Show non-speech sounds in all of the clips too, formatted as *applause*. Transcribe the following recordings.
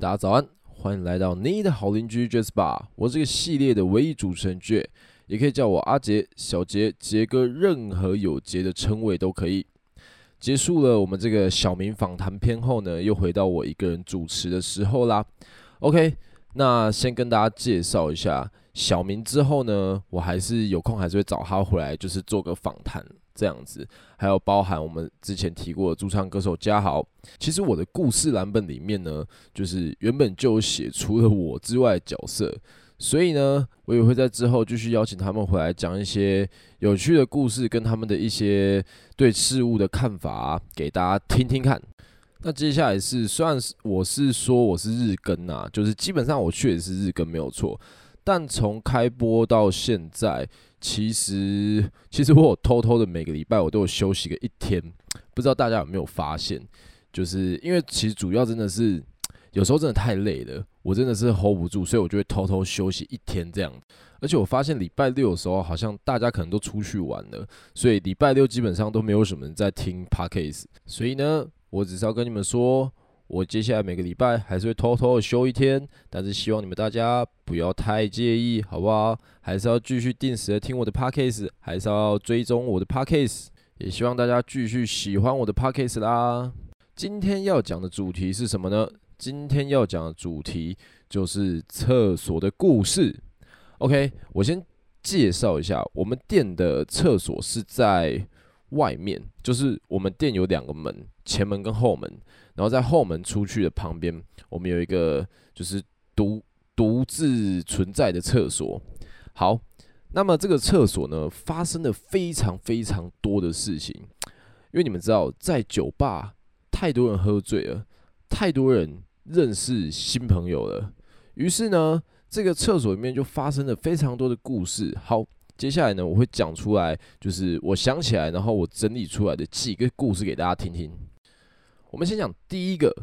大家早安，歡迎來到你的好鄰居杰斯霸。我是這個系列的唯一主持人杰，也可以叫我阿杰、小杰、杰哥，任何有杰的稱謂都可以。結束了我們這個小明訪談篇後呢，又回到我一個人主持的時候啦。OK，那先跟大家介紹一下。小明之後呢，我還是有空還是會找他回來，就是做個訪談這樣子。還有包含我們之前提過的駐唱歌手家豪，其實我的故事藍本裡面呢，就是原本就寫除了我之外的角色，所以呢，我也會在之後繼續邀請他們回來講一些有趣的故事，跟他們的一些對事物的看法啊，給大家聽聽看。那接下來是，雖然是我是說我是日更啊，就是基本上我確實是日更沒有錯。但從開播到現在，其實其實我有偷偷的每個禮拜我都有休息個一天，不知道大家有沒有發現？就是因為其實主要真的是有時候真的太累了，我真的是 hold 不住，所以我就會偷偷休息一天這樣。而且我發現禮拜六的時候好像大家可能都出去玩了，所以禮拜六基本上都沒有什麼人在聽 Podcast，所以呢，我只是要跟你們說。我接下來每個禮拜還是會偷偷的休一天，但是希望你們大家不要太介意，好不好？還是要繼續定時的聽我的 Podcast，還是要追蹤我的 Podcast，也希望大家繼續喜歡我的 Podcast 啦。今天要講的主題是什麼呢？今天要講的主題就是廁所的故事。OK，我先介紹一下，我們店的廁所是在。外面就是我們店有兩個門，前門跟後門。然後在後門出去的旁邊，我們有一個就是獨獨自存在的廁所。好，那麼這個廁所呢，發生了非常非常多的事情，因為你們知道，在酒吧太多人喝醉了，太多人認識新朋友了。於是呢，這個廁所裡面就發生了非常多的故事。好。接下來呢，我會講出來，就是我想起來，然後我整理出來的幾個故事給大家聽聽。我們先講第一個，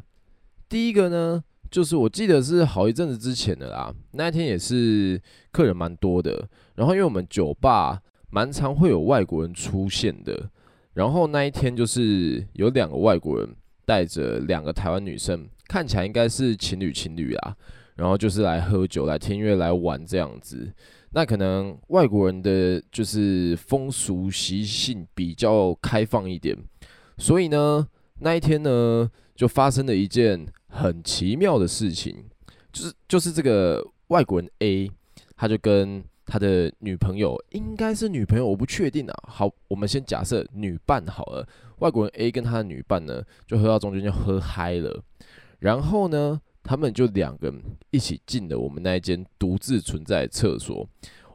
第一個呢，就是我記得是好一陣子之前的啦。那一天也是客人蠻多的，然後因為我們酒吧蠻常會有外國人出現的，然後那一天就是有兩個外國人帶着兩個台灣女生，看起來應該是情侶情侶啊，然後就是來喝酒、來聽音樂、來玩這樣子。那可能外國人的就是風俗習性比較開放一點，所以呢，那一天呢，就發生了一件很奇妙的事情，就是就是這個外國人 A，他就跟他的女朋友，應該是女朋友，我不確定啊。好，我們先假設女伴好了。外國人 A 跟他的女伴呢，就喝到中間就喝嗨了，然後呢。他們就兩個人一起進了我們那一間獨自存在的廁所。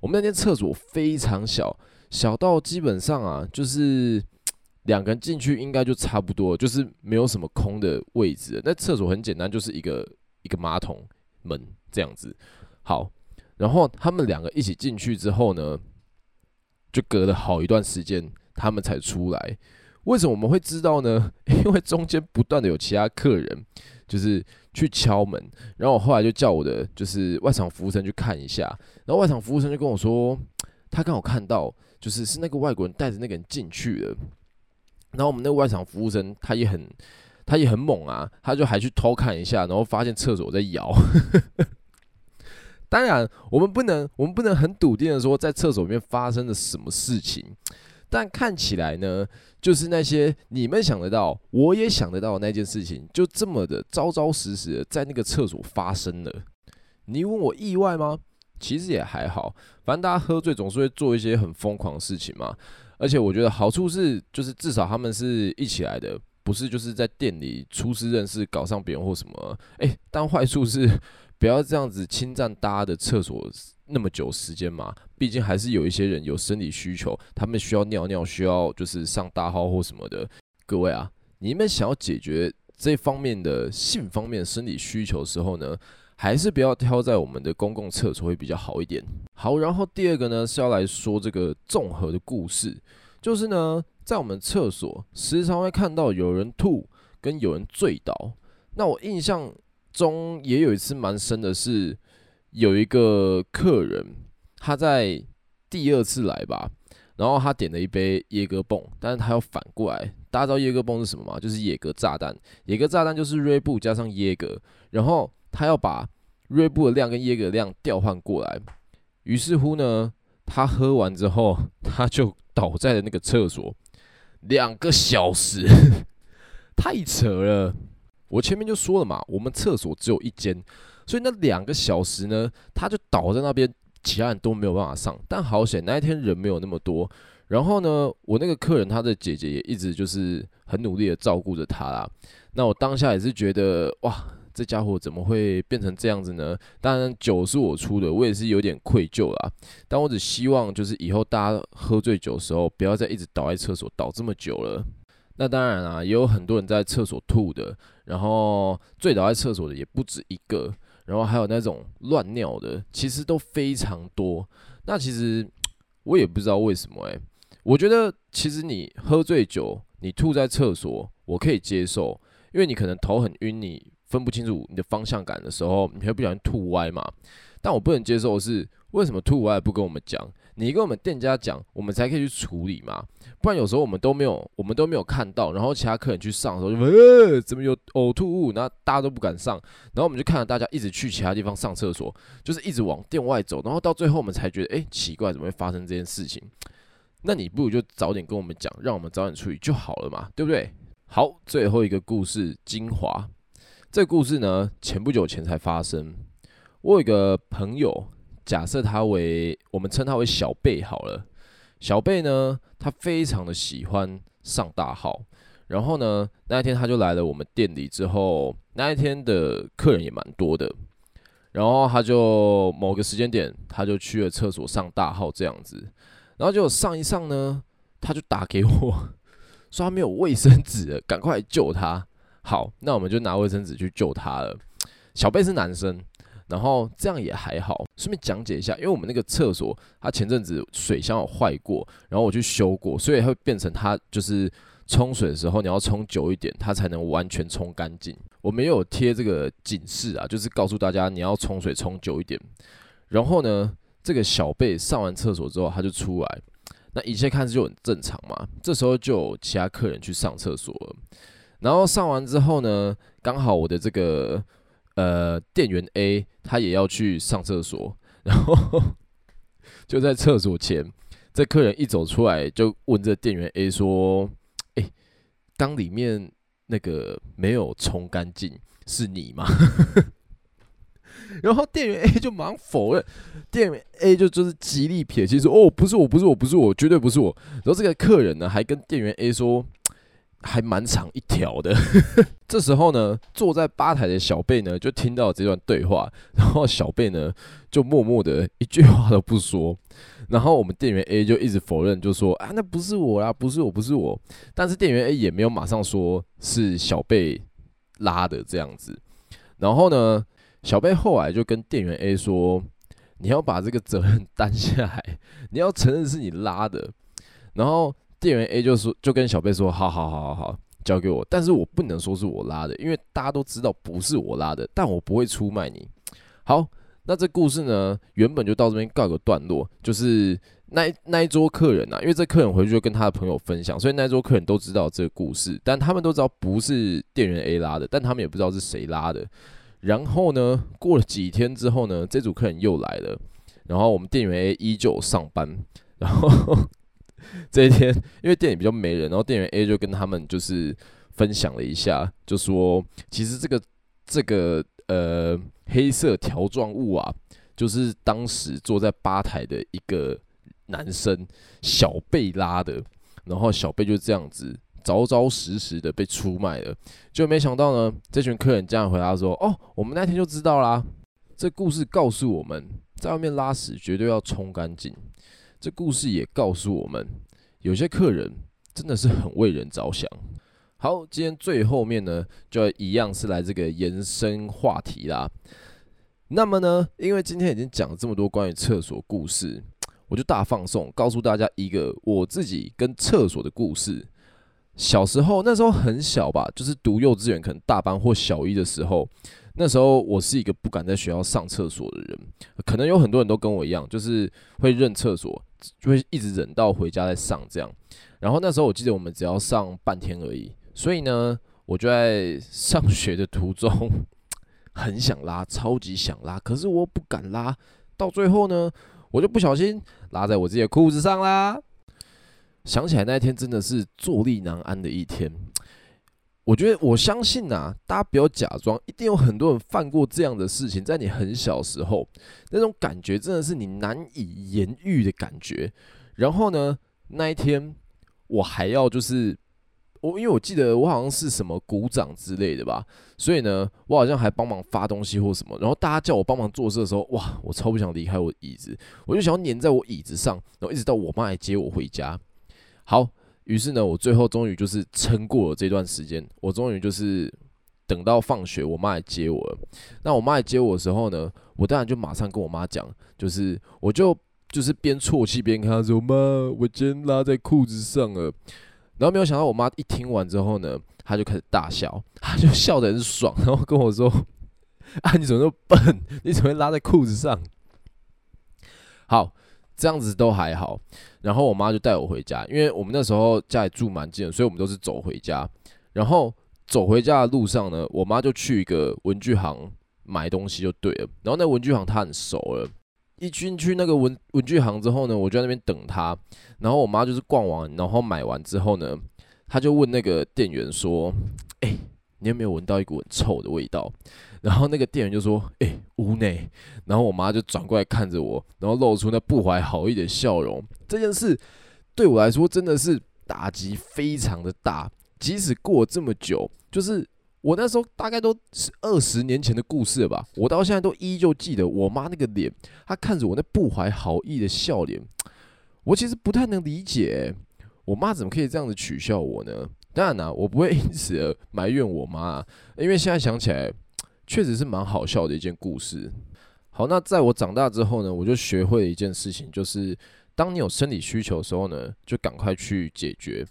我們那間廁所非常小，小到基本上啊，就是兩個人進去應該就差不多，就是沒有什麼空的位置。那廁所很簡單，就是一個一個馬桶門這樣子。好，然後他們兩個一起進去之後呢，就隔了好一段時間，他們才出來。為什麼我們會知道呢？因為中間不斷的有其他客人。就是去敲門，然後我後來就叫我的就是外場服務生去看一下，然後外場服務生就跟我說，他剛好看到，就是是那個外國人帶着那個人進去了，然後我們那個外場服務生他也很他也很猛啊，他就還去偷看一下，然後發現廁所在搖， *laughs* 當然我們不能我們不能很篤定的說在廁所裡面發生了什麼事情。但看起來呢，就是那些你們想得到，我也想得到的那件事情，就這麼的扎扎實實的在那個廁所發生了。你問我意外嗎？其實也還好，反正大家喝醉總是會做一些很瘋狂的事情嘛。而且我覺得好處是，就是至少他們是一起來的，不是就是在店裡初次認識搞上別人或什麼。誒、欸，但壞處是不要這樣子侵占大家的廁所。那麼久時間嘛，畢竟還是有一些人有生理需求，他們需要尿尿，需要就是上大號或什麼的。各位啊，你們想要解決這方面的性方面生理需求的時候呢，還是不要挑在我們的公共廁所會比較好一點。好，然後第二個呢，是要來說這個綜合的故事，就是呢，在我們廁所時常會看到有人吐跟有人醉倒。那我印象中也有一次蠻深的是。有一個客人，他在第二次來吧，然後他點了一杯野格泵，但是他要反過來。大家知道野格泵是什麼嗎？就是野格炸彈。野格炸彈就是瑞布加上野格，然後他要把瑞布的量跟野格的量調換過來。於是乎呢，他喝完之後，他就倒在了那個廁所，兩個小時，呵呵太扯了。我前面就說了嘛，我們廁所只有一間。所以那兩個小時呢，他就倒在那邊，其他人都沒有辦法上。但好險那一天人沒有那麼多。然後呢，我那個客人他的姐姐也一直就是很努力的照顧着他啦。那我當下也是覺得，哇，這傢伙怎麼會變成這樣子呢？當然酒是我出的，我也是有點愧疚啦。但我只希望就是以後大家喝醉酒的時候，不要再一直倒在廁所倒這麼久了。那當然啊，也有很多人在廁所吐的，然後醉倒在廁所的也不止一個。然後還有那種亂尿的，其實都非常多。那其實我也不知道為什麼哎。我覺得其實你喝醉酒，你吐在廁所，我可以接受，因為你可能頭很暈，你。分不清楚你的方向感的時候，你會不小心吐歪嘛。但我不能接受的是為什麼吐歪不跟我們講，你跟我們店家講，我們才可以去處理嘛。不然有時候我們都沒有，我們都沒有看到，然後其他客人去上的時候，呃，怎麼有嘔吐物？然後大家都不敢上，然後我們就看着大家一直去其他地方上廁所，就是一直往店外走，然後到最後我們才覺得，哎，奇怪，怎麼會發生這件事情？那你不如就早點跟我們講，讓我們早點處理就好了嘛，對不對？好，最後一個故事精華！這個故事呢，前不久前才發生。我有一個朋友，假設他為我們稱他為小貝好了。小貝呢，他非常的喜歡上大號。然後呢，那一天他就來了我們店裡之後，那一天的客人也蠻多的。然後他就某個時間點，他就去了廁所上大號這樣子。然後就上一上呢，他就打給我，說他沒有衛生紙了，趕快來救他。好，那我們就拿衛生紙去救他了。小貝是男生，然後這樣也還好。順便講解一下，因為我們那個廁所，它前陣子水箱有壞過，然後我去修過，所以會變成它就是沖水的時候你要沖久一點，它才能完全沖乾淨。我們有貼這個警示啊，就是告訴大家你要沖水沖久一點。然後呢，這個小貝上完廁所之後他就出來，那一切看似就很正常嘛。這時候就有其他客人去上廁所了。然後上完之後呢，剛好我的這個呃店員 A 他也要去上廁所，然後就在廁所前，這客人一走出來就問這店員 A 說：“哎、欸，缸裡面那個沒有沖乾淨，是你嗎？” *laughs* 然後店員 A 就忙否認，店員 A 就就是極力撇清說：“哦，不是我，不是我，不是我，絕對不是我。”然後這個客人呢還跟店員 A 說。還蠻長一條的。 *laughs* 這時候呢，坐在吧台的小貝呢，就聽到這段對話，然後小貝呢，就默默的一句話都不說。然後我們店員 A 就一直否認，就說：“啊，那不是我啦，不是我，不是我。”但是店員 A 也沒有馬上說，是小貝拉的這樣子。然後呢，小貝後來就跟店員 A 說：“你要把這個責任擔下來，你要承認是你拉的。”然後。店員 A 就說：“就跟小貝說，好好好好好，交給我。但是我不能說是我拉的，因為大家都知道不是我拉的。但我不會出賣你。好，那這故事呢，原本就到這邊告個段落。就是那那一桌客人啊，因為這客人回去就跟他的朋友分享，所以那一桌客人都知道這個故事。但他們都知道不是店員 A 拉的，但他們也不知道是誰拉的。然後呢，過了幾天之後呢，這組客人又來了，然後我們店員 A 依舊上班，然後。 *laughs* ”這一天，因為店裡比較沒人，然後店員 A 就跟他們就是分享了一下，就說其實這個這個呃黑色條狀物啊，就是當時坐在吧台的一個男生小貝拉的，然後小貝就是這樣子，着着實實的被出賣了，就沒想到呢，這群客人這樣回答說，哦，我們那天就知道啦。這故事告訴我們在外面拉屎絕對要沖乾淨。這故事也告訴我們，有些客人真的是很為人着想。好，今天最後面呢，就要一樣是來這個延伸話題啦。那麼呢，因為今天已經講了這麼多關於廁所故事，我就大放送，告訴大家一個我自己跟廁所的故事。小時候那時候很小吧，就是讀幼稚園，可能大班或小一的時候。那時候我是一個不敢在學校上廁所的人，可能有很多人都跟我一樣，就是會忍廁所，就會一直忍到回家再上這樣。然後那時候我記得我們只要上半天而已，所以呢，我就在上學的途中很想拉，超級想拉，可是我不敢拉。到最後呢，我就不小心拉在我自己的褲子上啦。想起來那一天真的是坐立難安的一天。我覺得我相信啊，大家不要假裝，一定有很多人犯過這樣的事情。在你很小時候，那種感覺真的是你難以言喻的感覺。然後呢，那一天我還要就是我，因為我記得我好像是什麼鼓掌之類的吧，所以呢，我好像還幫忙發東西或什麼。然後大家叫我幫忙做事的時候，哇，我超不想離開我的椅子，我就想要黏在我椅子上，然後一直到我媽來接我回家。好。於是呢，我最後終於就是撐過了這段時間。我終於就是等到放學，我媽來接我了。那我媽來接我的時候呢，我當然就馬上跟我媽講，就是我就就是邊啜泣邊看，說媽，我今天拉在褲子上了。然後沒有想到，我媽一聽完之後呢，她就開始大笑，她就笑得很爽，然後跟我說：“啊，你怎麼這麼笨？你怎麼會拉在褲子上？”好。這樣子都還好，然後我媽就帶我回家，因為我們那時候家裡住蠻近，所以我們都是走回家。然後走回家的路上呢，我媽就去一個文具行買東西，就對了。然後那個文具行她很熟了，一進去那個文文具行之後呢，我就在那邊等她。然後我媽就是逛完，然後買完之後呢，她就問那個店員說：“哎、欸，你有沒有聞到一股很臭的味道？”然後那個店員就說：“哎、欸，屋內。”然後我媽就轉過來看着我，然後露出那不懷好意的笑容。這件事對我來說真的是打擊非常的大。即使過了這麼久，就是我那時候大概都是二十年前的故事了吧，我到現在都依舊記得我媽那個臉，她看着我那不懷好意的笑臉。我其實不太能理解、欸，我媽怎麼可以這樣子取笑我呢？當然了、啊，我不會因此埋怨我媽、啊，因為現在想起來。確實是蠻好笑的一件故事。好，那在我長大之後呢，我就學會了一件事情，就是當你有生理需求的時候呢，就趕快去解決，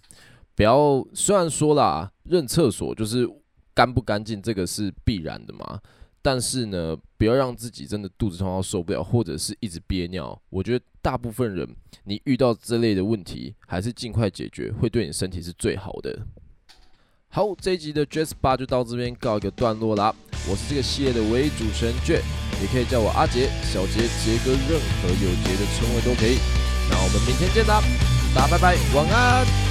不要雖然說啦，認廁所就是乾不乾淨，這個是必然的嘛，但是呢，不要讓自己真的肚子痛到受不了，或者是一直憋尿。我覺得大部分人你遇到這類的問題，還是儘快解決，會對你身體是最好的。好，這一集的杰斯霸就到這邊告一個段落啦。我是這個系列的唯一主持人杰，也可以叫我阿杰、小杰、杰哥，任何有杰的稱謂都可以。那我們明天見啦，大家拜拜，晚安。